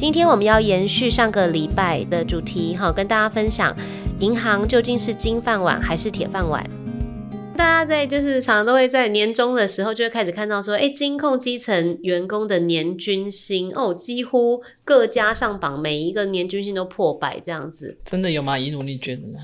今天我們要延續上個禮拜的主題，哈，跟大家分享銀行究竟是金飯碗還是鐵飯碗？大家在就是常常都會在年終的時候就會開始看到說，哎，金控基層員工的年均薪哦，幾乎各家上榜每一個年均薪都破百這樣子，真的有嗎？以如，你覺得呢？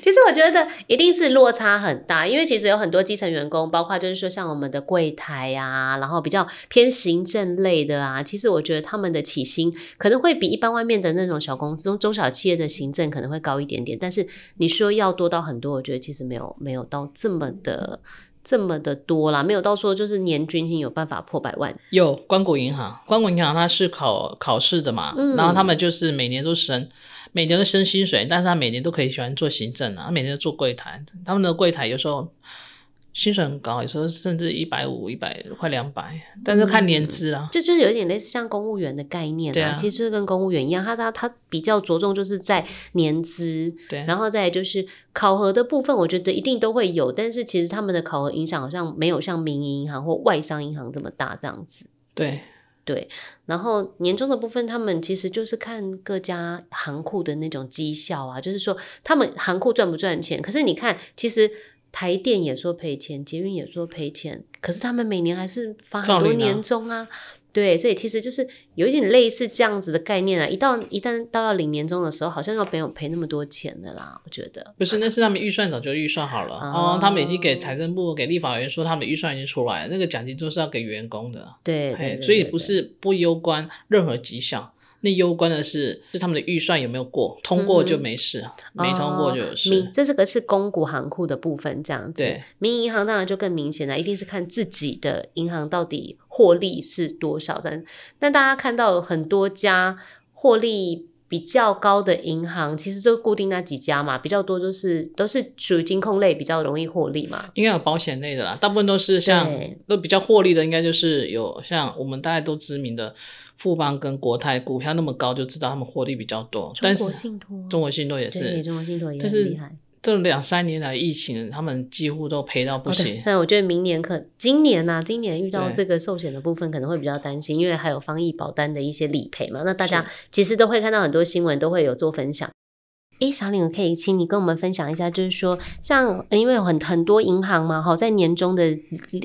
其實我覺得一定是落差很大，因為其實有很多基層員工，包括就是說像我們的櫃檯啊，然後比較偏行政類的啊，其實我覺得他們的起薪可能會比一般外面的那種小公司、中小企業的行政可能會高一點點。但是你說要多到很多，我覺得其實沒有沒有到這麼的這麼的多啦，沒有到說就是年均薪有辦法破百萬。有，官股銀行，官股銀行它是考考試的嘛，嗯、然後他們就是每年都升。每年都升薪水，但是他每年都可以喜歡做行政啊，他每年都做櫃台，他們的櫃台有時候薪水很高，有時候甚至一百五、一百快兩百，但是看年資啊，嗯、這就就有點類似像公務員的概念啊，對啊，其實跟公務員一樣，他他他比較着重就是在年資，對、啊，然後再就是考核的部分，我覺得一定都會有，但是其實他們的考核影響好像沒有像民營銀行或外商銀行這麼大這樣子。對。對，然後年終的部分，他們其實就是看各家行庫的那種績效啊，就是說他們行庫賺不賺錢。可是你看，其實台電也說賠錢，捷運也說賠錢，可是他們每年還是發很多年終啊。對，所以其實就是有一點類似這樣子的概念啊。一到一旦到了領年終的時候，好像又沒有賠那麼多錢的啦。我覺得不是，那是他們預算早就預算好了啊，哦哦。他們已經給財政部、給立法委員說，他們預算已經出來了。那個獎金都是要給員工的，對，對，對，對，對，所以不是不攸關任何績效。那攸關的是，是他們的預算有沒有過，通過就沒事，嗯、沒通過就有事，哦。這是個是公股行庫的部分，這樣子。對，民營銀行當然就更明顯了，一定是看自己的銀行到底獲利是多少。但但大家看到很多家獲利，比較高的銀行其實就固定那幾家嘛，比較多就是都是屬於金控類，比較容易獲利嘛。應該有保險類的啦，大部分都是像那對比較獲利的，應該就是有像我們大概都知名的富邦跟國泰股票那麼高，就知道他們獲利比較多。中國信託，中國信託也是，對，也中國信託也是。這兩三年來的疫情，他們幾乎都賠到不行。但、okay，我覺得明年可今年呢、啊，今年遇到這個壽險的部分可能會比較擔心，對因為還有防疫保單的一些理賠嘛。那大家其實都會看到很多新聞，是都會有做分享。誒，小李，林，我可以請你跟我們分享一下，就是說，像因為有很很多銀行嘛，好在年終的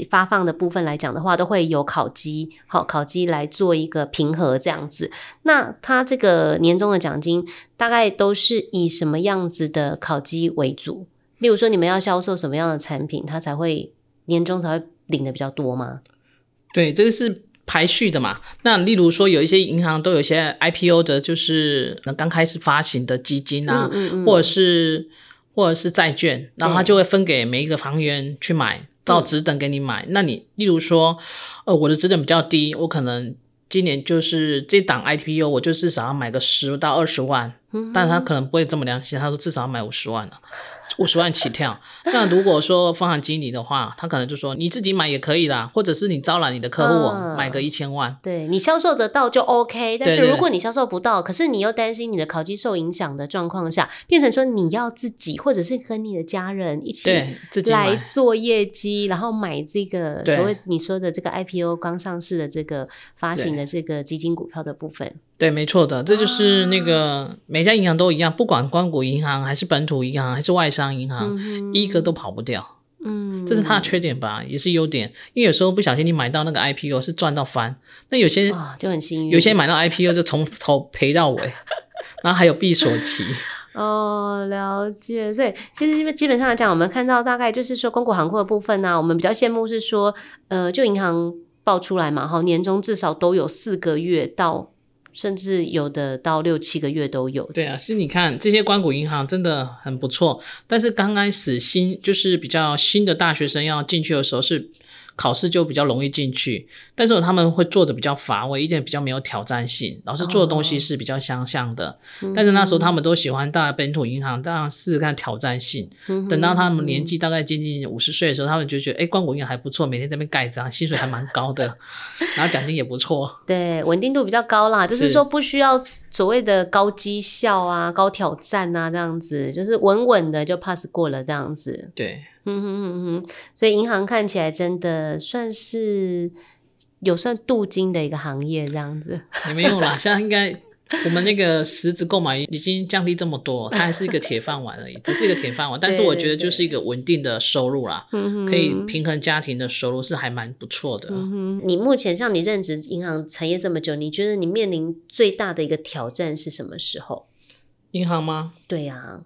發放的部分來講的話，都會有考績，好考績來做一個評核這樣子。那他這個年終的獎金，大概都是以什麼樣子的考績為主？例如說，你們要銷售什麼樣的產品，他才會年終才會領的比較多嗎？對，這個是。排序的嘛，那例如說有一些銀行都有一些 IPO 的，就是剛開始發行的基金啊，嗯嗯嗯、或者是或者是債券，嗯、然後他就會分給每一個房源去買，嗯、照職等給你買。那你例如說，呃，我的職等比較低，我可能今年就是這檔 IPO，我就至少要買個十到二十萬，嗯、哼但他可能不會這麼良心，他說至少要買五十萬了。五十萬起跳， 那如果說分行經理的話，他可能就說，你自己買也可以啦，或者是你招攬你的客戶，啊嗯、買個一千萬，對你銷售得到就 OK。但是如果你銷售不到，對對，可是你又擔心你的考績受影響的狀況下，變成說你要自己或者是跟你的家人一起來做業績，然後買這個所謂你說的這個 IPO 剛上市的這個發行的這個基金股票的部分對。對，沒錯的，這就是那個每家銀行都一樣，啊、不管官股銀行還是本土銀行還是外。上銀行、嗯、哼一個都跑不掉，嗯哼，這是它的缺點吧，也是優點，因為有時候不小心你買到那個 IPO 是賺到翻，那有些就很幸運，有些買到 IPO 就從頭賠到尾， 然後還有閉鎖期。哦，了解，所以其實因為基本上來講，我們看到大概就是說，公股行庫的部分呢、啊，我們比較羨慕是說，呃，就銀行爆出來嘛，哈，年終至少都有四個月到。甚至有的到六七個月都有。對啊，是，你看這些官股銀行真的很不錯，但是剛開始新就是比較新的大學生要進去的時候是。考試就比較容易進去，但是他們會做的比較乏味，一點點比較沒有挑戰性。老師做的東西是比較相像的，哦嗯、但是那時候他們都喜歡到本土銀行，這樣試試看挑戰性。嗯哼嗯哼，等到他們年紀大概接近五十歲的時候，他們就覺得，哎、欸，官股銀行還不錯，每天在那邊蓋章，薪水還蠻高的， 然後獎金也不錯。對，穩定度比較高啦，就是說不需要。所謂的高績效啊、高挑戰啊，這樣子就是穩穩的就 pass 過了，這樣子。對，嗯哼嗯哼，所以銀行看起來真的算是有算鍍金的一個行業，這樣子。也沒有啦，現在 應該。 我們那個實質購買力已經降低這麼多，它還是一個鐵飯碗而已， 只是一個鐵飯碗。但是我覺得就是一個穩定的收入啦，對對對，可以平衡家庭的收入是還蠻不錯的，嗯。你目前像你任職銀行產業這麼久，你覺得你面臨最大的一個挑戰是什麼時候？銀行嗎？對呀，啊，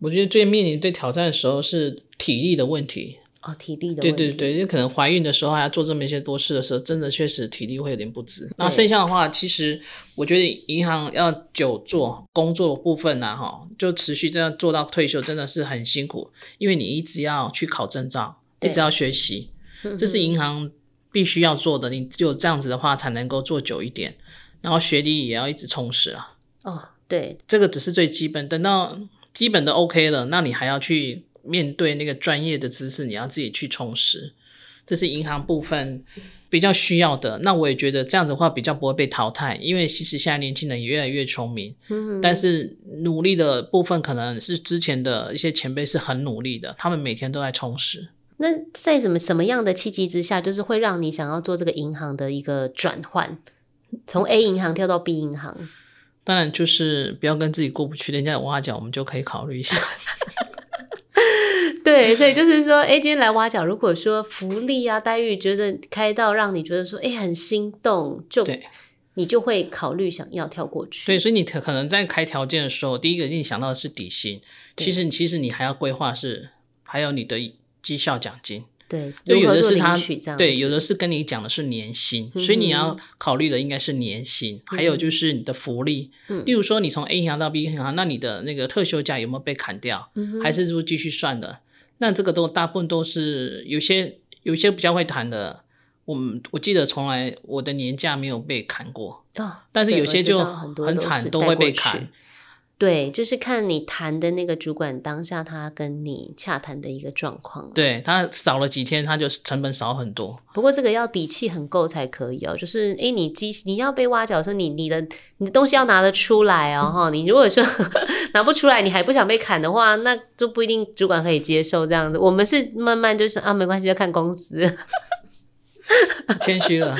我覺得最面臨最挑戰的時候是體力的問題。哦，體力的。對對對，因為可能懷孕的時候還要做這麼一些多事的時候，真的確實體力會有點不支。對那剩下的話，其實我覺得銀行要久做工作的部分呢，哈，就持續這樣做到退休，真的是很辛苦，因為你一直要去考證照，對一直要學習，這是銀行必須要做的。你只有這樣子的話，才能夠做久一點，然後學歷也要一直充實啊。哦，對，這個只是最基本，等到基本都 OK 了，那你還要去。面對那個專業的知識，你要自己去充實，這是銀行部分比較需要的。那我也覺得這樣子的話比較不會被淘汰，因為其實現在年輕人也越來越聰明。嗯，嗯，但是努力的部分可能是之前的一些前輩是很努力的，他們每天都在充實。那在什麼什麼樣的契機之下，就是會讓你想要做這個銀行的一個轉換，從 A 銀行跳到 B 銀行？當然就是不要跟自己過不去，人家挖角，我們就可以考慮一下。 對，所以就是說，哎，今天來挖角，如果說福利啊、待遇覺得開到讓你覺得說，哎，很心動，就對你就會考慮想要跳過去。對，所以你可能在開條件的時候，第一個你想到的是底薪，其實對其實你還要規劃是還有你的績效獎金。對，就有的是他對，有的是跟你講的是年薪，嗯、哼所以你要考慮的應該是年薪，還有就是你的福利。嗯，例如說你從 A 銀行到 B 銀行，那你的那個特休假有沒有被砍掉？嗯哼，還是說繼續算的？那這個都大部分都是有些有些比較會談的，我我記得從來我的年假沒有被砍過，哦，但是有些就很慘都，都會被砍。對，就是看你談的那個主管當下他跟你洽談的一個狀況。對，他少了幾天，他就成本少很多。不過這個要底氣很夠才可以哦。就是，誒，你機，你要被挖角的時候，你你的你的東西要拿得出來哦。哈，你如果說呵呵拿不出來，你還不想被砍的話，那就不一定主管可以接受這樣子。我們是慢慢就是啊，沒關係，要看公司。謙虛 了，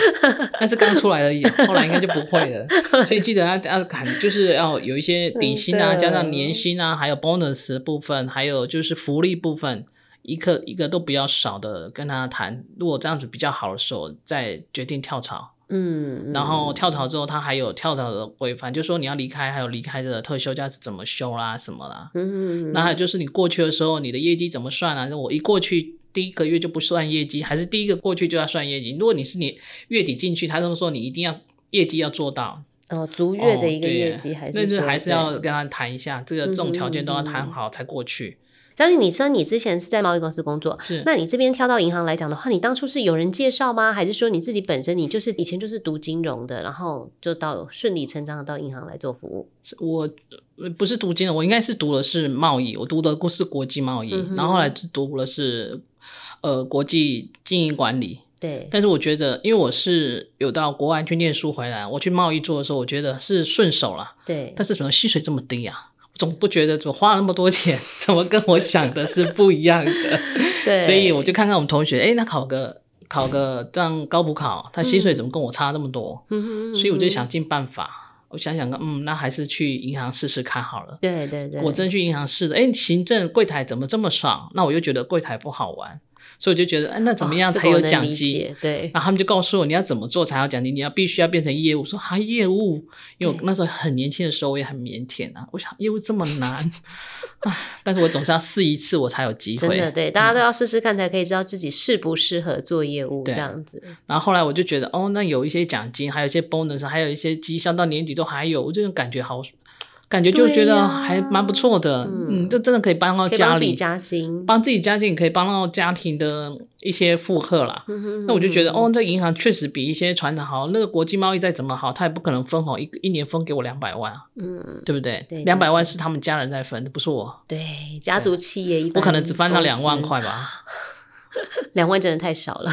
但是剛出來的，後來應該就不會了。所以記得要要，就是要有一些底薪啊，加上年薪啊，還有 bonus 部分，還有就是福利部分，一個一個都比較少的跟他談。如果這樣子比較好的時候，再決定跳槽。嗯，然後跳槽之後，他還有跳槽的規範，就是說你要離開，還有離開的特休假是怎麼休啦，什麼啦。嗯，那還有就是你過去的時候，你的業績怎麼算啊？那我一過去。第一個月就不算業績，還是第一個過去就要算業績。如果你是你月底進去，他都說你一定要業績要做到，呃、哦，足月的一個業績、哦，還是那就還是要跟他談一下，對這個這種條件都要談好才過去。假如、嗯嗯嗯嗯、你說你之前是在貿易公司工作，是？那你這邊跳到銀行來講的話，你當初是有人介紹嗎？還是說你自己本身你就是以前就是讀金融的，然後就到順理成章的到銀行來做服務？我不是讀金融，我應該是讀的是貿易，我讀的是國際貿易，嗯、哼然後後來是讀了是。呃，國際經營管理，對。但是我覺得，因為我是有到國外去念書回來，我去貿易做的時候，我覺得是順手了，對。但是怎麼薪水這麼低呀、啊？我總不覺得怎麼花了那麼多錢，怎麼跟我想的是不一樣的？對。所以我就看看我們同學，哎、欸，那考個考個這樣高補考，他薪水怎麼跟我差那麼多？嗯、嗯哼嗯哼，所以我就想盡辦法。我想想看，嗯，那還是去銀行試試看好了。對對對，我真去銀行試了，哎，行政櫃檯怎麼這麼爽？那我又覺得櫃檯不好玩。所以我就覺得，哎，那怎麼樣才有獎金？哦、對，然後他們就告訴我，你要怎麼做才有獎金？對你要必須要變成業務。說還、啊、業務，因為我那時候很年輕的時候，我也很靦腆啊。對我想業務這麼難， 唉，但是我總是要試一次，我才有機會。對，大家都要試試看，才可以知道自己適不適合做業務、嗯、這樣子。然後後來我就覺得，哦，那有一些獎金，還有一些 bonus，還有一些績效到年底都還有，我就感覺好。感覺就覺得還蠻不錯的，嗯，這真的可以幫到家裡，幫自己加薪，幫自己加薪，可以幫到家庭的一些負荷啦。那我就覺得，哦，這銀行確實比一些傳統好。那個國際貿易再怎麼好，他也不可能分哦，一一年分給我兩百萬，嗯，對不對？兩百萬是他們家人在分，不是我。對，家族企業一般，我可能只分到兩萬塊吧，兩萬真的太少了。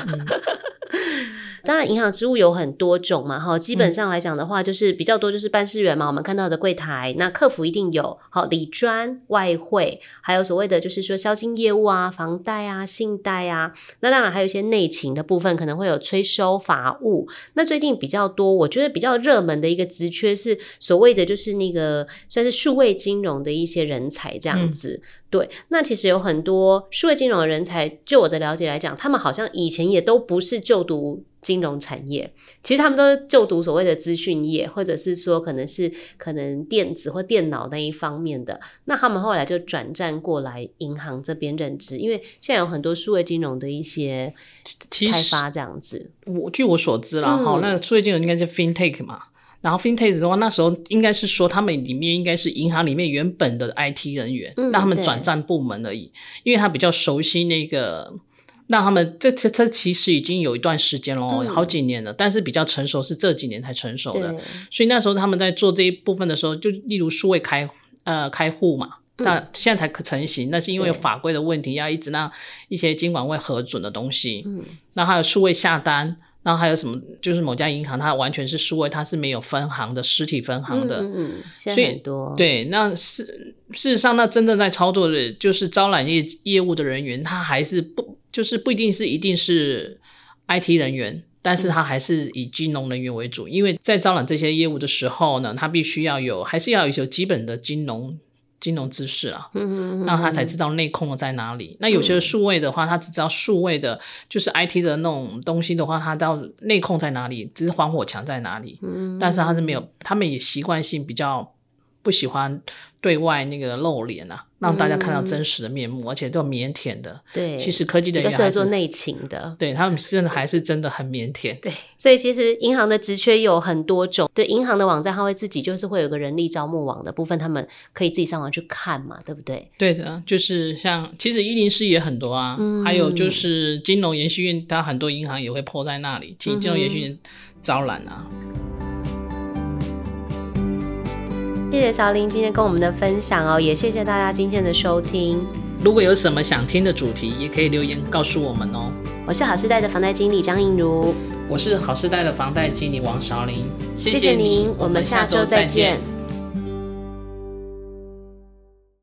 當然，銀行職務有很多種嘛，哈，基本上來講的話，就是比較多就是辦事員嘛，嗯、我們看到的櫃台，那客服一定有，好，理專、外匯，還有所謂的就是說消金業務啊，房貸啊，信貸啊，那當然還有一些內勤的部分可能會有催收法務。那最近比較多，我覺得比較熱門的一個職缺是所謂的就是那個算是數位金融的一些人才這樣子。嗯對，那其實有很多數位金融的人才，就我的了解來講，他們好像以前也都不是就讀金融產業，其實他們都是就讀所謂的資訊業，或者是說可能是可能電子或電腦那一方面的，那他們後來就轉戰過來銀行這邊任職，因為現在有很多數位金融的一些開發這樣子。我據我所知啦，好，嗯，哦，那數位金融應該是 FinTech 嘛。然後 fintech 的話，那時候應該是說他們裡面應該是銀行裡面原本的 IT 人員，嗯、讓他們轉戰部門而已，因為他比較熟悉那個，讓他們這這這其實已經有一段時間了哦，嗯、好幾年了，但是比較成熟是這幾年才成熟的。對所以那時候他們在做這一部分的時候，就例如數位開呃開戶嘛，那現在才可成型，那是因為有法規的問題，對要一直讓一些金管會核准的東西，那、嗯、還有數位下單。然後還有什麼？就是某家銀行，它完全是數位，它是沒有分行的實體分行的，嗯嗯嗯現在很多。所以，對。那事事實上，那真正在操作的，就是招攬業業務的人員，他還是不就是不一定是一定是 IT 人員，但是他還是以金融人員為主，嗯、因為在招攬這些業務的時候呢，他必須要有，還是要有一些基本的金融。金融知識啊，嗯，嗯，嗯，嗯，那他才知道內控在哪裡？那有些數位的話，嗯、他只知道數位的，就是 IT 的那種東西的話，他到內控在哪裡，只是防火牆在哪裡。嗯，嗯，但是他是沒有，他們也習慣性比較。不喜歡對外那個露臉啊，讓大家看到真實的面目，嗯、而且都很腼腆的。對，其實科技的人都是適合做內勤的，對他們真的還是真的很腼腆對。對，所以其實銀行的職缺有很多種。對，銀行的網站他會自己就是會有個人力招募網的部分，他們可以自己上網去看嘛，對不對？對的，就是像其實104也很多啊，嗯、還有就是金融研訓院，它很多銀行也會 po 在那裡，請金融研訓院招攬啊。嗯謝謝邵林今天跟我們的分享哦，也謝謝大家今天的收聽。如果有什麼想聽的主題，也可以留言告訴我們哦。我是好事貸的房貸經理張映如，我是好事貸的房貸經理王邵林。謝謝您，我們下周再見。再見。